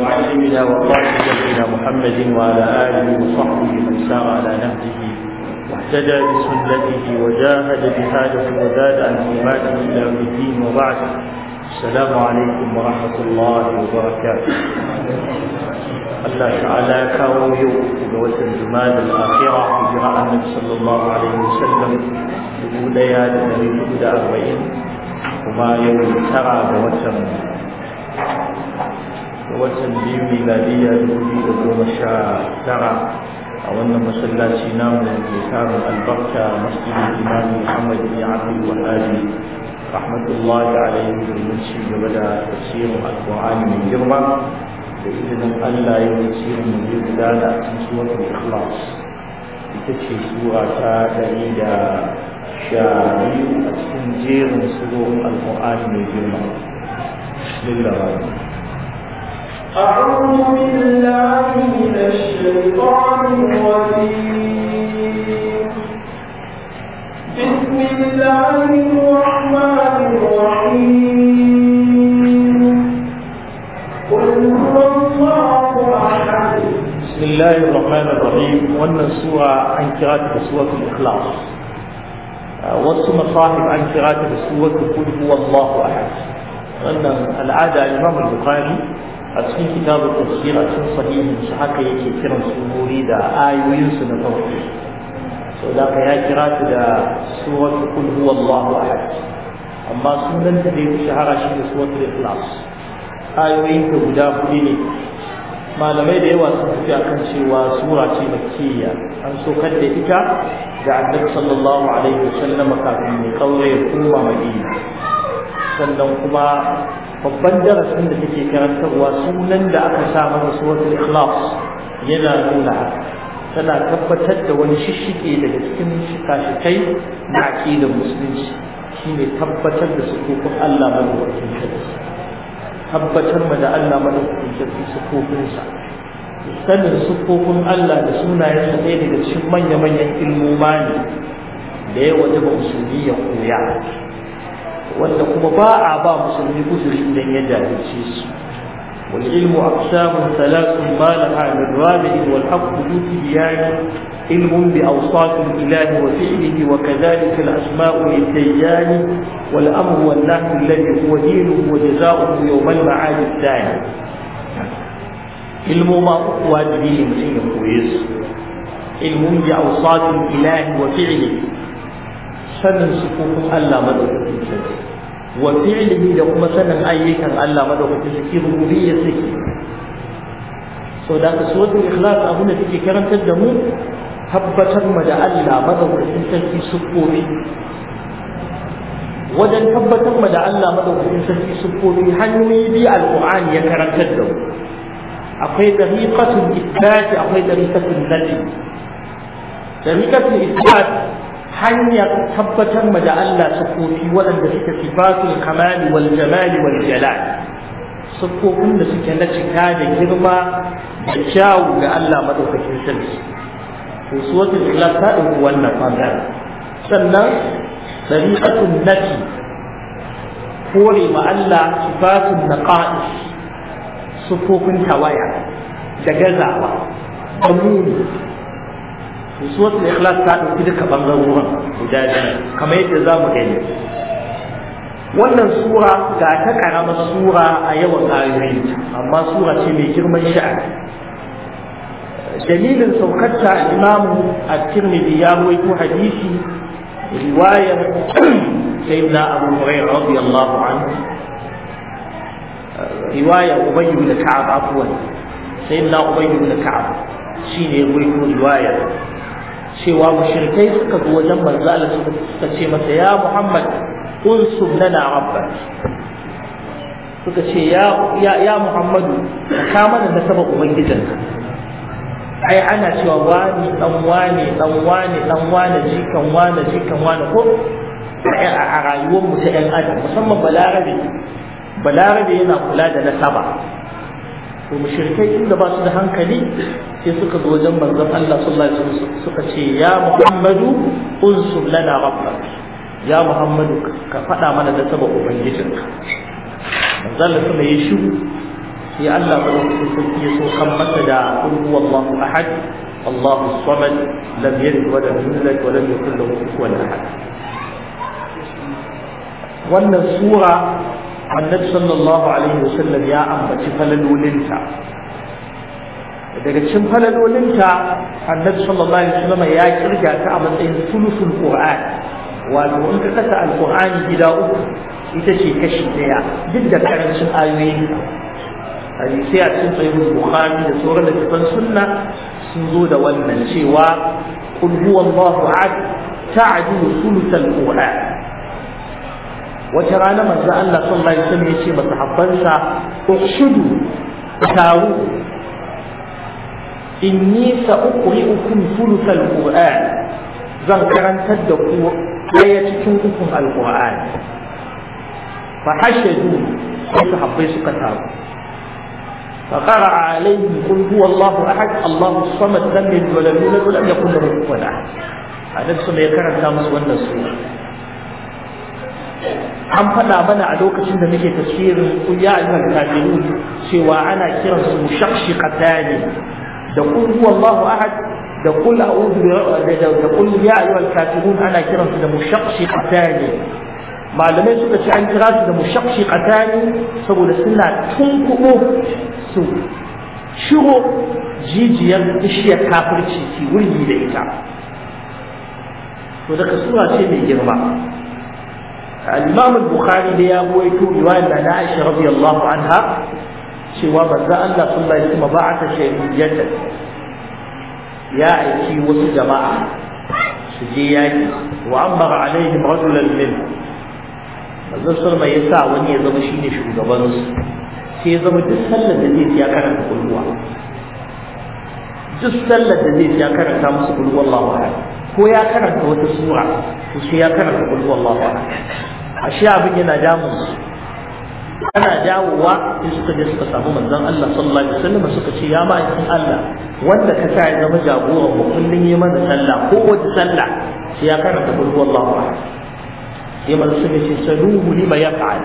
وعلمنا وقائد سيدنا محمد وعلى آله وصحبه من سار على نهجه واهتدى بسنته وجاهد جهاده وزاد عن إيمانه إلى يوم الدين وبعد السلام عليكم ورحمة الله وبركاته الله تعالى كاو بوجه الجمال جمال الآخرة جراء النبي صلى الله عليه وسلم بوليات النبي أربعين وما يوم ترى وتن watan biyu miladiya dubu da goma sha tara a wannan masallaci namu da ke tarin albarka masjidin imami muhammad bin abdul wahabi rahmatullahi alaihi domin ci gaba da tafsirin alkur'ani mai girma da izinin allah ya tafsirin mu zai da a cikin ikhlas ita ce sura ta ɗari da sha biyu a cikin jerin surorin alkur'ani mai girma بسم أعوذ بالله من الشيطان الرجيم بسم الله الرحمن الرحيم قل هو الله أحد بسم الله الرحمن الرحيم وأن السورة عن قراءة سورة الإخلاص wasu masahib an kira ta da su wata kudu wallahu ahad wannan al'ada a cikin kitabun tafsir a cikin sahihin shi haka yake kiran surori da ayoyinsu na farko sau da ka ya kira su da suratul kul huwallahu ahad amma sunan ta da ya shahara shi da suratul ikhlas ayoyin ta guda hudu ne malamai da yawa sun fi akan cewa sura ce makkiya an sokar da ita ga annabi sallallahu alaihi wasallam kafin ya kaure ya koma madina sannan kuma babban darasin da take karantarwa sunan da aka sa masa suratul ikhlas yana nuna haka tana tabbatar da wani shishike daga cikin shikashikai na aqidar musulunci shine tabbatar da sukukun Allah madaukakin sarki tabbatar ma da Allah madaukakin sarki sa. sanin sukukun Allah da sunayen sa ɗaya daga cikin manya-manyan ilmomani da ya wajaba musulmi ya koya wanda kuma ba a ba musulmi uzuri idan ya jahilce su والعلم أقسام ثلاث ما لها من رابع والحق ذو تبيان علم بأوصاف الإله وفعله وكذلك الأسماء للديان والأمر والنهي الذي هو دينه وجزاؤه يوم المعاد الثاني علم ما أقوى دين مسلم كويس علم بأوصاف الإله وفعله sanin ألا Allah madaukakin sarki wa fi'lihi da kuma sanin ayyukan Allah madaukakin sarki rububiyya sarki so da ka so da ikhlas abin da take karantar da mu tabbatar mu da Allah madaukakin sarki sukobi wajen tabbatar mu da Allah madaukakin sarki sukobi hanyoyi bi alqur'ani ya karantar da mu akwai dariqatul ithbat akwai dariqatul nafi dariqatul ithbat hanyar tabbatar ma da Allah sufofi waɗanda suke sifatul kamali wal jamali wal jalal sufofin da suke na cika da girma da kyawu ga Allah madaukakin sarki to suwatul ikhlas ta dauki wannan bangaren sannan tariqatul nafi kore ma Allah sifatul naqais sufofin tawaya da gazawa da muni suratul ikhlas ta ɗauki duka ɓangarorin guda biyu kamar yadda za mu gani wannan sura ga ta karamar sura a yawan ayoyi amma sura ce mai girman sha'ani dalilin saukarta imamu a tirmidhi ya rawaito hadisi riwayar sayyidina abu hurairah radiyallahu anhu riwayar ubayy ibn ka'ab afwan sayyidina ubayy ibn ka'ab shine ya rawaito riwayar cewa mushrikai suka zo wajen manzo Allah suka ce masa ya Muhammad unsub lana rabbak suka ce ya ya ya Muhammadu ka mana na saba ubangijinka ai ana cewa wani dan wani dan wani dan wani jikan wani jikan wani ko a rayuwar mu ta yan adam musamman balarabe balarabe yana kula da nasaba to mushrikai inda ba su da hankali sai suka zo wajen manzon Allah sallallahu alaihi wasallam suka ce ya Muhammadu unsur lana rabbak ya Muhammadu ka faɗa mana da saba ubangijinka manzon Allah sallallahu ya shiru sai Allah madaukakin sarki ya so kan masa da qul huwallahu ahad Allahu samad lam yalid wa lam yulad wa lam yakul lahu kufuwan ahad wannan sura annabi sallallahu alaihi wasallam ya ambaci falalolinta daga cikin falalolinta annabi sallallahu alaihi wasallam ya kirga ta a matsayin sulusul qur'an wato in ka kasa alquran gida uku ita ce kashi daya duk da karancin ayoyin hadisai a cikin sahih bukhari da sura da littafan sunna sun zo da wannan cewa qul huwallahu ahad ta'dilu sulusul qur'an wata rana manzo Allah sallallahu alaihi wasallam yace masa habbansa ukshudu tawu inni sa sa'uqri'ukum thuluthal qur'an zan karantar da ku daya cikin ukun alqur'an fa hashadu sai sahabbai suka taru فقرأ عليه قل هو الله أحد الله الصمد لم يلد ولم يولد ولم يكن له كفوا أحد. هذا سمي كرم تامس والنسوة. an faɗa mana a lokacin da nake tafsirin kun ya ayyuhal kafirun cewa ana kiran su mushaqqiqatani da kun Allahu ahad da kul a'udhu da kul ya ayyuhal kafirun ana kiran su da mushaqqiqatani malamai suka ce an kira su da mushaqqiqatani saboda suna tunkubo su shiro jijiyar bishiyar kafirci ki wurgi da ita to daga sura ce mai girma الإمام البخاري ليا بويتو رواية عن عائشة رضي الله عنها شوا بزا الله صلى الله عليه شيء من جسد يا عيشي وسط جماعة سجيان وعمر عليهم رجلا منهم بزا صلى ما يسعى وني يزم شين شو دبنس شي يزم تسلل الدين يا كرم قلوة تسلل الدين يا كرم تامس قلوة الله أعلم هو يا كرم قلوة السورة وشي يا كرم قلوة الله أعلم ashe abin yana damun su ana dawowa sai suka je suka samu manzon Allah sallallahu alaihi wasallam suka ce ya ma'aikin Allah wanda ka sa ya zama jagoran mu kullun yi mana sallah ko wata sallah sai ya karanta qul huwallahu ahad sai manzo suka ce saluhu lima yaf'al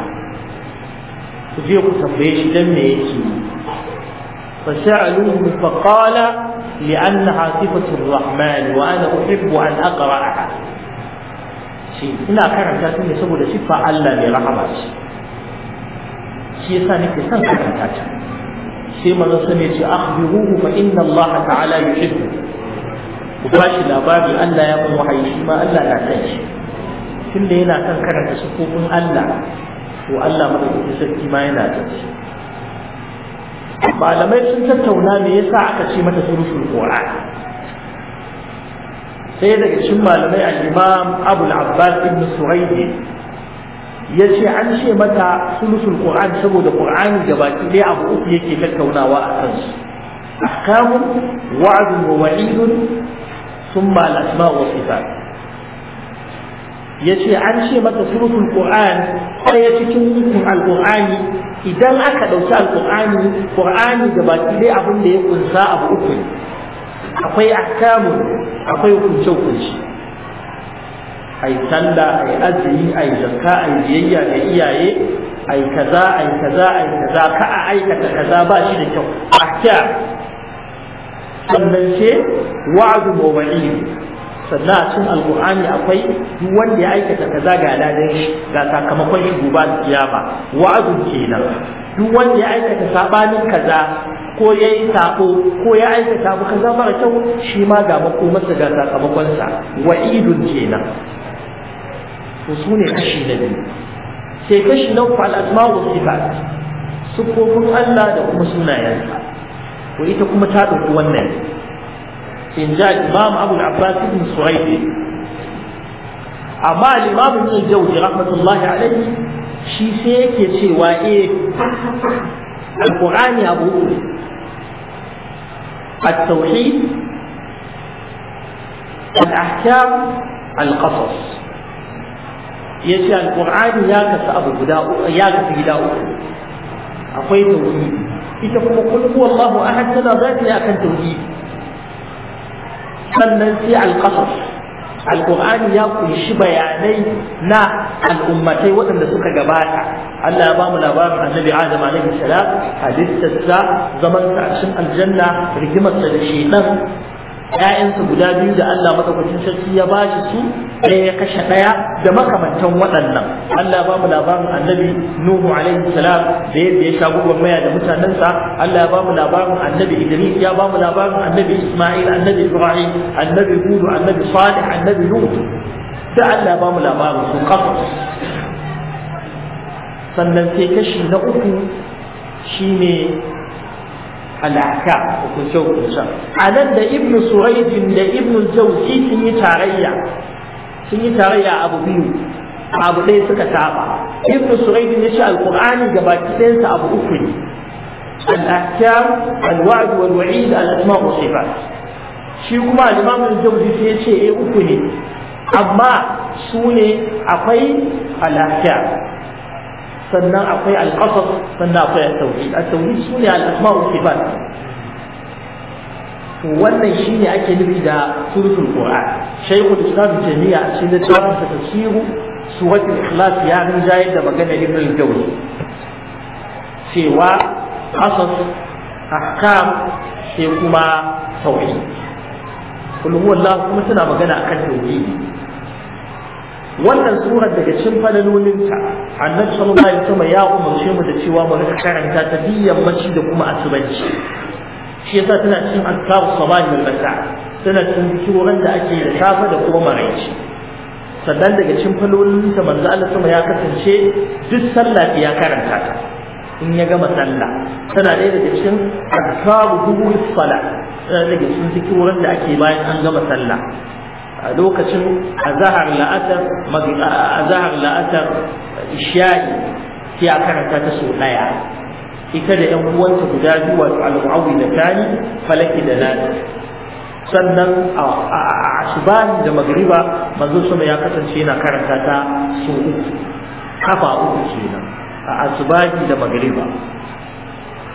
ku je ku tambaye shi dan me yake فسألوه فقال لأنها صفة الرحمن وأنا أحب أن أقرأها shi ina karanta su ne saboda siffa Allah mai rahama shi, shi yasa nake son karanta ta sai manzon sun ce akhbiruhu fa inna Allah ta'ala yuhibbu ku shi labari Allah ya kuma wahayi shi ma Allah na san shi tunda yana son karanta sifofin Allah to Allah madaukakin sarki ma yana san shi malamai sun tattauna me yasa aka ce mata surutul qur'an ɗaya daga cikin malamai a imam abul abbas ibn suhaidi ya an ce mata sulusul qur'an saboda qur'ani gabaki ɗaya abu uku yake tattaunawa a kansu ahkamun wa'dun wa wa'idun ثم الأسماء والصفات yace an ce mata suratul qur'an ɗaya cikin ukun alqur'ani idan aka ɗauki alqur'ani qur'ani da baki dai abin da ya kunsa abu uku akwai akamu akwai hukunce hukunci ai sallah ai azumi ai zakka ai biyayya ga iyaye ai kaza ai kaza ai kaza ka a aikata kaza ba shi da kyau ahkam sannan ce wa'du mawa'id sannan a cikin alqur'ani akwai duk wanda ya aikata kaza ga ladan shi ga sakamakon shi gobe kiyama wa'du kenan duk wanda ya aikata sabanin kaza ko ya yi sako ko ya aikata abu kaza mara kyau shi ma ga makomarsa ga sakamakonsa wa'idun kenan to su ne kashi na biyu sai kashi na uku wa sifat kun Allah da kuma sunayensa ko ita kuma ta ɗauki wannan in ja imam abu abbas ibn suraidi amma al-imam ibn jawzi rahmatullahi alayhi shi sai yake cewa eh alqur'ani abu التوحيد الأحكام القصص يجي القرآن يا كسأب غداء يا كسجداء أقوي توحيد إذا قل هو الله أحد كذا ذات لا كان توحيد sannan في القصص القرآن ya kunshi يعني نا الأمتين waɗanda سكا gabata Allah ya bamu labarin annabi Adam alaihi salam halittarsa zaman sa cikin aljanna rigimar sa da shedan ƴaƴansa guda biyu da Allah madaukakin sarki ya bashi su ɗaya ya kashe ɗaya da makamantan waɗannan Allah ya bamu labarin annabi Nuhu alaihi salam da yadda ya sha gwagwarmaya da mutanensa Allah ya bamu labarin annabi Idris ya bamu labarin annabi Ismail annabi Ibrahim annabi Hudu annabi Salih annabi nuh da Allah ya bamu labarin su kafa sannan sai kashi na uku shine al'aka hukunce hukuncen a nan da Ibn suraidin da Ibn jauzi sun yi tarayya sun yi tarayya abu biyu abu ɗaya suka saba Ibn suraidin ya ce alƙur'ani ga baki ɗayansa abu uku ne al'akam alwa'd wal wa'id al asma wa shi kuma al-imam jauzi sai ya ce eh uku ne amma su ne akwai al'akam sannan akwai alƙasar sannan akwai at-tauhid at-tauhid sune al-asma'u sifat to wannan shine ake nufi da suratul qur'an shaykhul islam jami'a shi da tsarin ta tafsiru suratul ikhlas ya rinjaye da magana ibn al-jawzi cewa qasas ahkam sai kuma tauhid kullu kuma suna magana akan tauhidi wannan surar daga cikin falalolinta annabi sallallahu alaihi wasallam ya umarce mu da cewa mu rika karanta ta biyan mace da kuma asubanci shi yasa tana cikin azkaru sabahi wal masa tana cikin zikirorin da ake da safa da kuma maraici sannan daga cikin falalolinta manzo Allah sama ya kasance duk sallah ya karanta ta in ya gama sallah tana ɗaya daga cikin azkaru dubu sala tana daga cikin zikirorin da ake bayan an gama sallah a lokacin azahar la'atar azahar la'asar isha'i sai a karanta ta so daya ita da yan uwanta guda biyu wato al-mu'awwi da tani falaki da nani sannan a asubahi da magriba manzo sama ya kasance yana karanta ta so uku kafa uku kenan a asubahi da magriba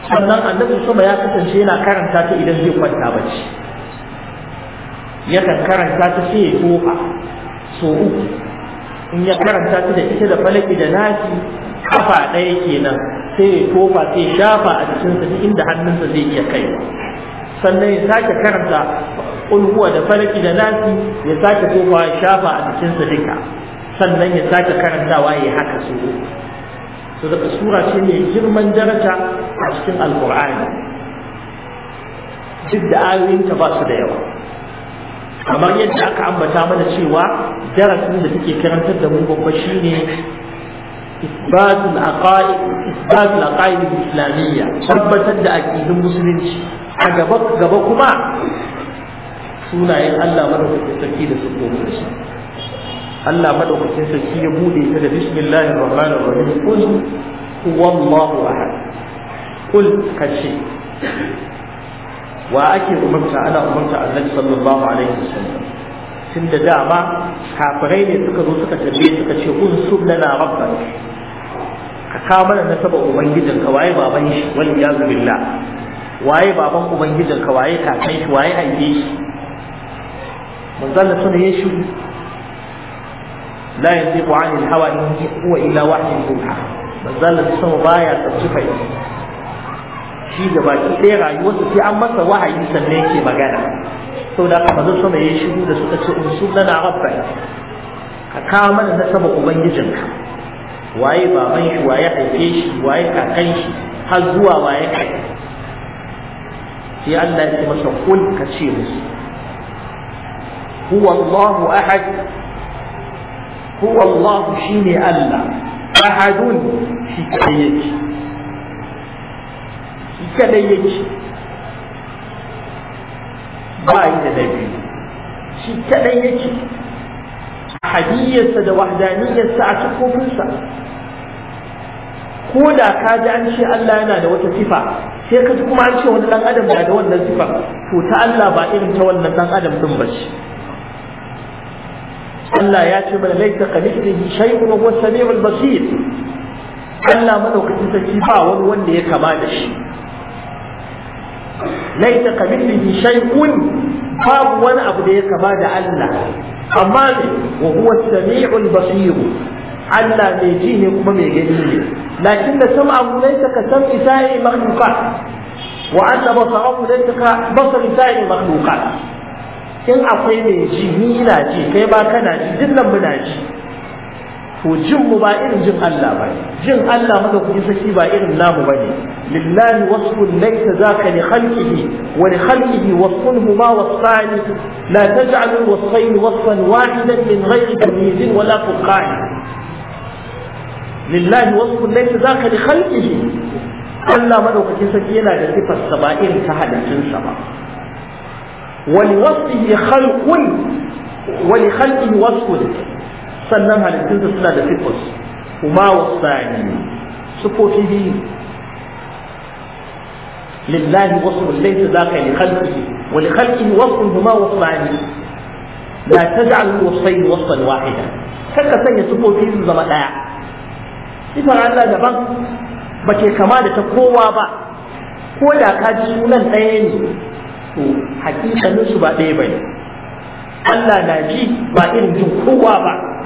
sannan annabi sama ya kasance yana karanta ta idan zai kwanta bacci yakan karanta ta sai ya tofa so uku in ya karanta ta da ita da falaki da nasi kafa ɗaya kenan sai ya tofa sai ya shafa a jikinsa duk inda hannunsa zai iya kai sannan ya sake karanta ulhuwa da falaki da nasi ya sake tofa ya shafa a jikinsa duka sannan ya sake karantawa ya haka su su daga sura ce mai girman daraja a cikin alkur'ani duk da ayoyinta ba su da yawa kamar yadda aka ambata mana cewa darasin da suke karantar da mu babba shine isbatul aqaid isbatul aqaid islamiyya tabbatar da aqidun musulunci a gaba gaba kuma sunayen Allah madaukakin sarki da su gobe shi Allah madaukakin sarki ya bude ta da bismillahir rahmanir rahim kul huwallahu ahad kul kace wa ake umarta ana umarta annabi sallallahu alaihi wasallam tun da dama kafirai ne suka zo suka tambaye suka ce unsub lana rabbak ka kawo mana nasaba ubangijinka waye baban shi wal iyazu billah waye baban ubangijinka waye kakan shi waye haife shi manzo Allah sunan ya shi la yantiqu anil hawa in huwa illa wahyun yuha manzo Allah sunan baya tsaffa shi da baki ɗaya rayuwarsa sai an masa wahayi sannan yake magana sau da aka mazan sama ya shigo da suka ce in unsu lana rabba ka kawo mana na sama ubangijinka waye baban shi waye haife shi waye kakan shi har zuwa waye kai sai Allah ya ce masa kul ka ce musu huwa Allahu ahad huwa Allahu shine Allah ahadun shi kai yake kadai yake ba yi da dabi shi kadai yake hadiyyarsa da wahdaniyarsa a tukofinsa ko da ka ji an ce Allah yana da wata sifa sai ka ji kuma an ce wani dan adam na da wannan sifa to ta Allah ba irin ta wannan dan adam din ba ce Allah ya ce mana laita kamithlihi shay'un wa huwa samiul basir Allah madaukakin sarki ba wani wanda ya kama da shi laita kamillihi shay'un babu wani abu da ya kama da Allah amma ne wa huwa sami'ul basir Allah mai ji ne kuma mai gani ne lakin da sam'ahu laita ka sam'i sa'i makhluqat wa anna basarahu laita ka basar sa'i makhluqat in akwai mai ji ni ina ji kai ba kana ji dukkan muna ji to jin mu ba irin jin Allah ba jin Allah madaukakin sarki ba irin namu ba ne lillahi wasfun laysa zaka li khalqihi wa li khalqihi wasfun huma wasfani la taj'al wasfayn wasfan wahidan min ghayri tamyiz wala fuqa'i lillahi wasfun laysa zaka li khalqihi Allah madaukakin sarki yana da sifar sa ba irin ta halittun sa ba wa li wasfihi khalqun wa li khalqihi wasfun sannan halittun da suna da sifos kuma wasani sifofi biyu lillahi wasu su za ka yi wa wani halittu wasu huma wasani la taj'al wasayn wasan wahida ka sanya sifofi su zama daya sifar Allah daban ba ke kama da ta kowa ba ko da ka ji sunan ɗaya ne to hakikanin su ba ɗaya bane Allah na ji ba irin jin kowa ba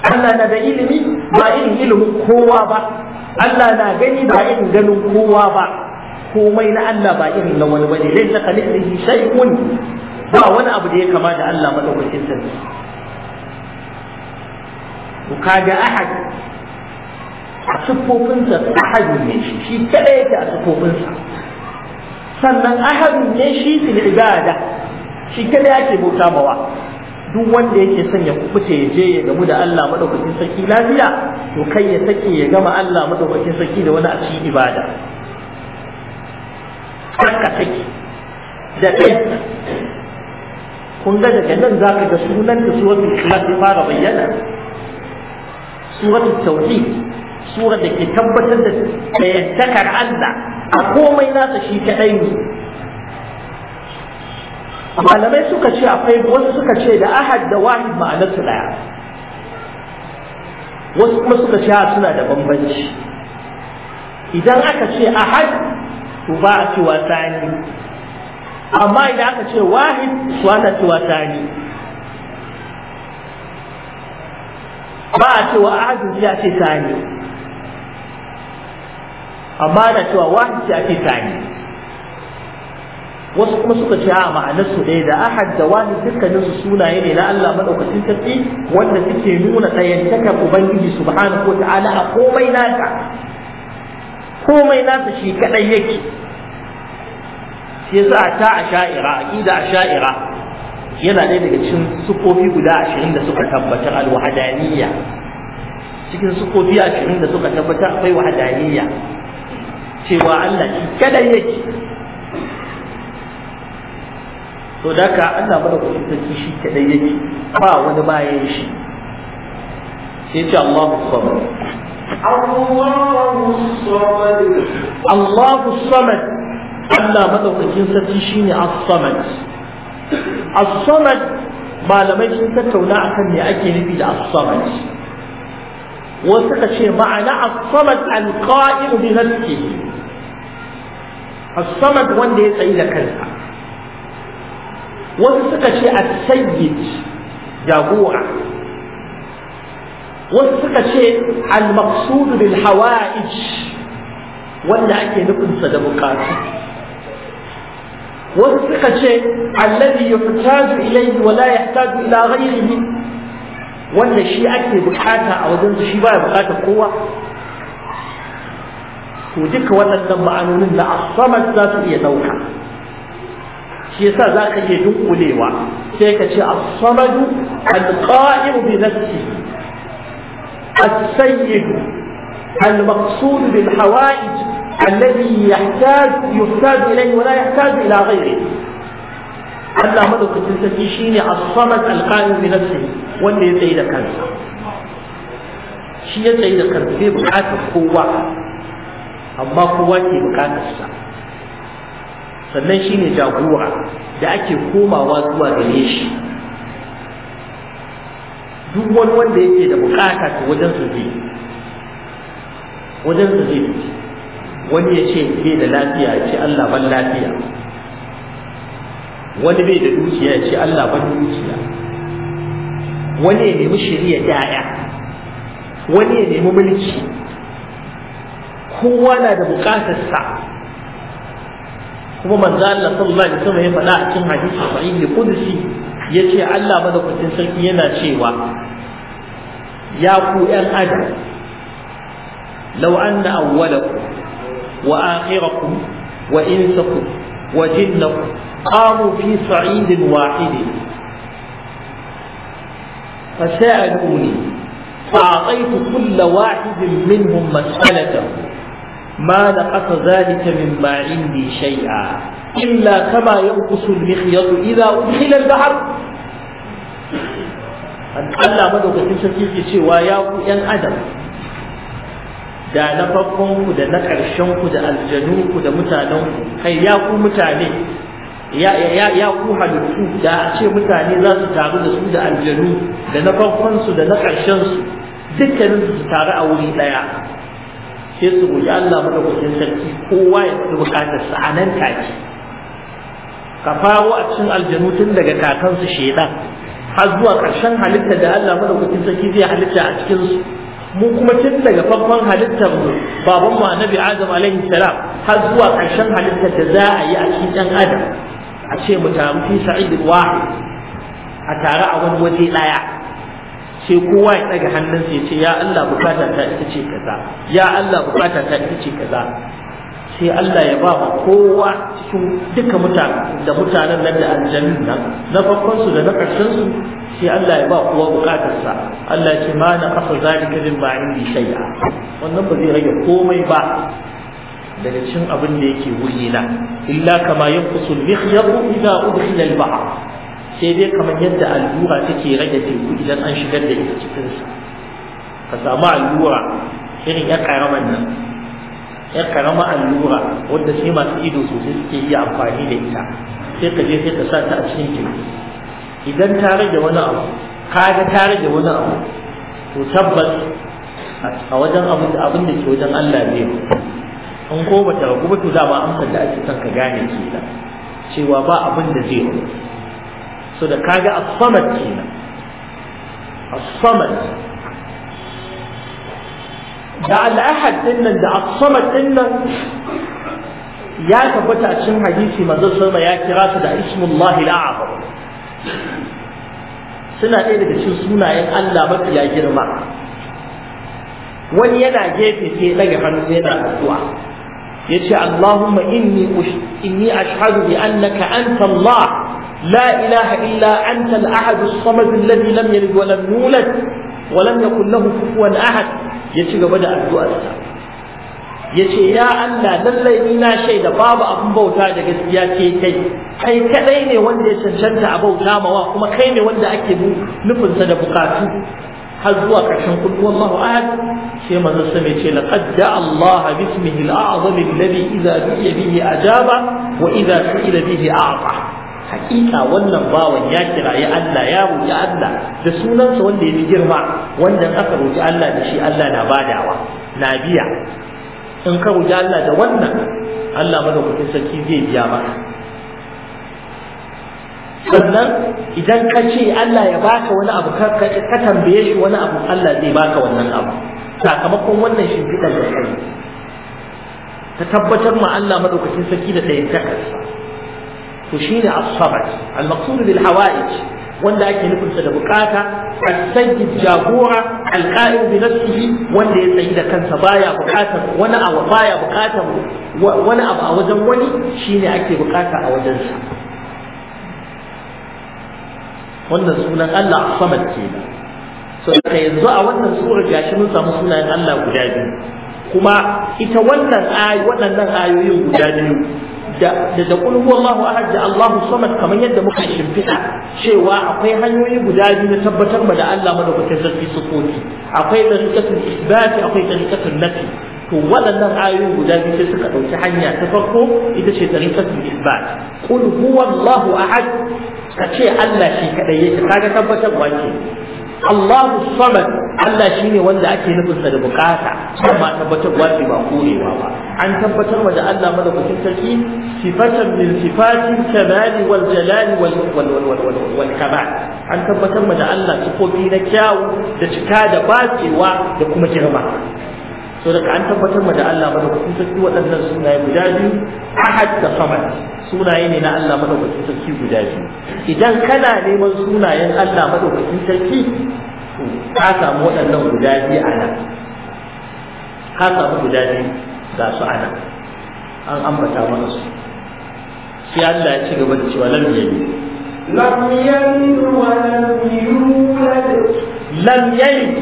Allah na da ilimi ba irin ilimin kowa ba Allah na gani ba irin ganin kowa ba komai na Allah ba irin na wani bane laysa kalithlihi shay'un ba wani abu da ya kama da Allah madaukakin sarki to kaga ahad a siffofinsa ahadu ne shi shi kada yake a siffofinsa sannan ahadu ne shi fil ibada shi kada yake bauta mawa duk wanda yake son ya kubuce ya je ya gamu da Allah madaukakin sarki lafiya to kai ya sake ya gama Allah madaukakin sarki da wani a cikin ibada haka take da kai kun ga daga nan zaka ga sunan da suratul ikhlas ya fara bayyana suratul tauhid surar da ke tabbatar da tsayyantakar Allah a komai nasa shi kadai ne malamai suka ce akwai wasu suka ce da ahad da wahid ma'anarsu daya wasu kuma suka ce suna da bambanci idan aka ce ahad to ba a cewa watani amma idan aka ce wahid to ana cewa watani ba a ce wa ahad sai a ce tani amma ana cewa wahid sai a ce tani wasu kuma suka ce a ma'anarsu ɗaya da ahad da wani dukkanin su sunaye ne na Allah madaukakin sarki wanda suke nuna ɗayantakar ubangiji subhanahu ta'ala a komai nasa komai nasa shi kadai yake shi yasa ta asha'ira aqida asha'ira yana ɗaya daga cikin sukofi guda ashirin da suka tabbatar alwahadaniyya cikin sukofi ashirin da suka tabbatar akwai wahadaniyya cewa Allah shi kadai yake to da ka Allah mada kuɗin sarki shi kaɗai yake ba wani bayan shi sai ce Allahu samad Allahu samad Allah madaukakin sarki shi ne as-samad as-samad malamai sun tattauna akan me ake nufi da as-samad wasu ka ce ma'ana as-samad al-qa'im bi nafsihi as-samad wanda ya tsayi da kansa wasu suka ce a sayyid jagora wasu suka ce al-maqsudu bil hawa'ij wanda ake nufin sa da bukatu wasu suka ce alladhi yuhtaju ilayhi wa la yahtaju ila ghayrihi wanda shi ake bukata a wajen shi baya bukata kowa ko duka waɗannan ma'anonin da asamat za su iya ɗauka shi yasa za ka ke dunkulewa sai ka ce as-samadu al-qa'im bi nafsi as-sayyid al-maqsud bil hawaij alladhi yahtaj يحتاج ilayhi wa la yahtaj ila غيره Allah madaukakin sarki shine as-samad al-qaim bi nafsi wanda ya tsaye da kansa shi ya tsaye da kansa bai bukatar kowa amma kowa ke bukatar sa sannan shi ne jagora da ake komawa zuwa gare shi duk wani wanda yake da bukata ta wajen su je wajen su je wani ya ce bai da lafiya ya ce Allah ban lafiya wani bai da dukiya ya ce Allah ban dukiya wani ya nemi shari'a daya wani ya nemi mulki kowa na da bukatarsa kuma manzo Allah sallallahu alaihi wasallam ya faɗa a cikin hadisi sahihi qudsi yace Allah madaukakin sarki yana cewa ya ku ɗan adam law anna awwalakum wa akhirakum wa insakum wa jinnakum qamu fi sa'idin wahidin فسألوني فأعطيت كل واحد منهم مسألته ما نقص ذلك مما عندي شيئا إلا كما ينقص المخيط إذا أدخل allah أن ألا مدوكتين cewa ya ku ين Adam da na farkonku da na ku, da aljanunku da mutanenku kai ya ku mutane ya ku halittu da a ce mutane za su taru da su da aljanu da na farkonsu da na ƙarshensu dukkanin su taru a wuri ɗaya sai su roƙi Allah madaukakin sarki kowa ya fi bukatar sa a nan take ka faro a cikin aljanu tun daga kakansu shedan har zuwa ƙarshen halitta da Allah madaukakin sarki zai halitta a cikin su mu kuma tun daga farkon halittar mu baban mu annabi azam alaihi salam har zuwa ƙarshen halittar da za a yi a cikin ɗan adam a ce mu taru fi sa'id wahid a tare a wani waje ɗaya sai kowa ya daga hannunsa ya ce ya Allah bukata ta ita ce kaza ya Allah bukata ta ita ce kaza sai Allah ya ba kowa cikin duka mutane da mutanen nan da aljannin nan na farkon su da na karshen su sai Allah ya ba kowa sa Allah ya ce ma na kafa zalika min ba indi shay'a wannan ba zai rage komai ba daga cin abin da yake wuri na illa kama yanqusul mikhyatu idza udkhila al-bahr sai dai kamar yadda allura take rage teku idan an shigar da ita cikinsa ka samu allura irin ya karaman nan ya karama allura wadda sai masu ido sosai suke iya amfani da ita sai ka je sai ka sa ta a cikin teku idan ta rage wani abu ka ga ta rage wani abu to tabbas a wajen abin da ke wajen Allah ne in ko bata ragu ba to dama amsar da ake son ka gane ke cewa ba abin da zai ragu so da kaga a samad kenan a samad da al'ahad ɗinnan, dinnan da a samad dinnan ya tabbata a cikin hadisi manzo sallama ya kira su da ismullahi al suna ɗaya daga cikin sunayen Allah ya girma wani yana gefe sai daga hannu yana addu'a yace Allahumma inni inni ashhadu bi annaka anta Allah لا إله إلا أنت الأحد الصمد الذي لم يلد ولم يولد ولم ahad. Ya ci gaba da بدأ الدعاء yace ya Allah lallai na shaida babu abin bauta da gaskiya ce kai kai kadai ne wanda ya cancanta a bauta mawa kuma kai ne wanda ake nufinsa da bukatu har zuwa ƙarshen kullu wallahu ahad sai manzo sai mai ce laqad da'a Allah bismihi al-a'zam alladhi idha du'iya ajaba wa idha su'ila bihi hakika wannan bawan ya kiraye Allah ya roƙi Allah da sunansa wanda ya fi girma wanda aka roƙi Allah da shi Allah na badawa na biya in ka roƙi Allah da wannan Allah madaukakin sarki zai biya maka sannan idan ka ce Allah ya baka wani abu ka tambaye shi wani abu Allah zai baka wannan abu sakamakon wannan shi shimfiɗar da kai ta tabbatar ma Allah maɗaukacin sarki da ɗayan takarsa to shine as-sabat al-maqsud bil hawaij wanda ake nufinsa da bukata as-sayyid jagora al-qa'im bi nafsihi wanda ya tsayi da kansa baya bukatar wani abu baya bukatar wani abu a wajen wani shine ake bukata a wajen sa wannan sunan Allah as-samad kenan so da yanzu a wannan sura gashi mun samu sunayen Allah guda biyu kuma ita wannan ayi waɗannan ayoyin guda biyu da da kulhu Allahu ahad da Allahu samad kamar yadda muka shimfiɗa cewa akwai hanyoyi guda biyu na tabbatar da Allah madaukakin sarki sufofi akwai tariqatul isbat akwai tariqatul nafi to waɗannan ayoyi guda biyu sai suka ɗauki hanya ta farko ita ce tariqatul isbat qul huwallahu ahad ka ce Allah shi kaɗai yake kaga tabbatarwa ke Allahu samad Allah shine wanda ake nufinsa da bukata amma tabbatar ce ba korewa ba an tabbatar wa da Allah madaukakin sarki sifatan min sifatin kamali wal jalali wal wal wal wal kamal an tabbatar wa da Allah sifofi na kyawu da cika da bacewa da kuma girma so daga an tabbatar ma da Allah madaukakin sarki waɗannan sunaye guda biyu ahad da samad sunaye ne na Allah madaukakin sarki guda biyu idan kana neman sunayen Allah madaukakin sarki to ka samu waɗannan guda biyu a nan ka samu guda biyu ga su a nan an ambata mana su sai Allah ya ci gaba da cewa lam yalid lam yalid wa lam yulad lam yalid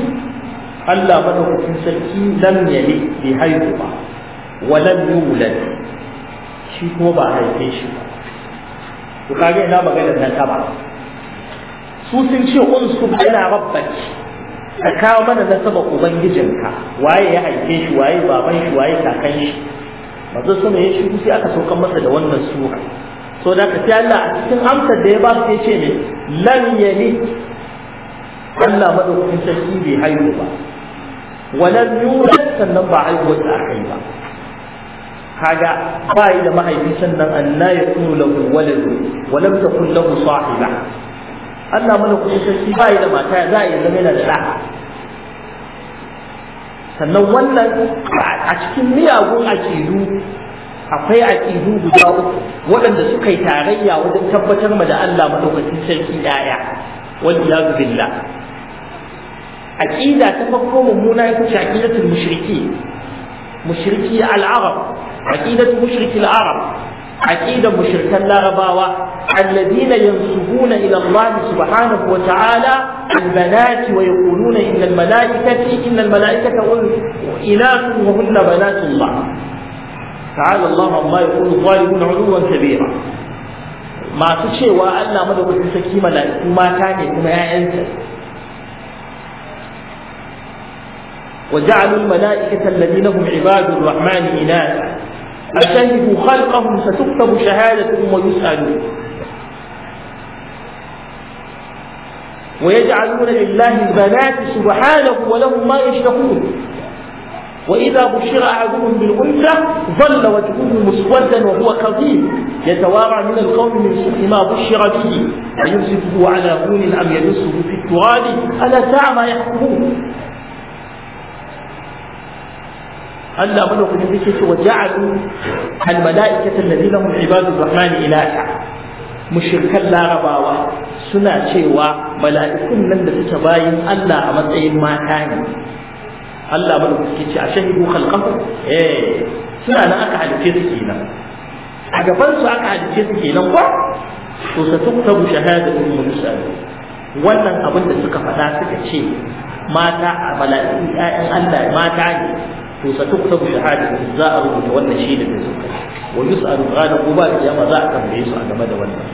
Allah madaukakin sarki lam yali bi haihu ba wa lam yulad shi kuma ba haife shi ba to kage ina magana nan ta ba su sun ce unsub ila rabbaki ka kawo mana nasaba ubangijinka waye ya haife shi waye baban shi waye kakan shi manzo sama ya shigo sai aka saukan masa da wannan sura so da ka sai Allah a cikin amsar da ya ba su ya ce ne lan yali Allah madaukakin sarki bai haihu ba walam yulad sannan ba haihuwar da aka yi ba kaga ba yi da mahaifi sannan anna yakunu lahu walad walam takun lahu sahiba Allah mana kuma sarki ba yi da mata za a zama yana da sannan wannan a cikin miyagun akidu akwai aƙidu guda uku waɗanda suka yi tarayya wajen tabbatar ma da Allah maɗaukacin sarki ɗaya wal iyadu billah عقيدة تفكر مهونة يكون عقيدة المشركين مشركي العرب عقيدة مشرك العرب عقيدة مشركة الأغباوة الذين ينسبون إلى الله سبحانه وتعالى البنات ويقولون إن الملائكة إن الملائكة إله وهن بنات الله تعالى الله عما يقول الظالمون علوا كبيرا ما تشي وأن ما تقول تسكي ملائكة ما كان يقول وجعلوا الملائكة الذين هم عباد الرحمن إناثا أشهدوا خلقهم ستكتب شهادتهم ويسألون ويجعلون لله البنات سبحانه ولهم ما يشتهون وإذا بشر أحدهم بالأنثى ظل وجهه مسودا وهو كظيم يتوارى من القوم من سوء ما بشر به أيمسكه على هون أم يدسه في التراب ألا ساع ما يحكمون Allah madaukakin sarki ce wa ja'alu al mala'ikata alladhina hum ibadur rahmani ilaha mushrikan larabawa suna cewa mala'ikun nan da suke bayin Allah a matsayin mata ne Allah madaukaki ce a shahidu khalqahu eh suna nan aka halice su kenan a gaban su aka halice su kenan ko to sa tuktabu shahadatu mursal wannan abin da suka faɗa suka ce mata a mala'ikun ƴaƴan Allah mata ne to sa tuktabu shahadatu za a rubuta wannan shaida da suka wa yus'alu ghada quba kiyama za a tambaye su a game da wannan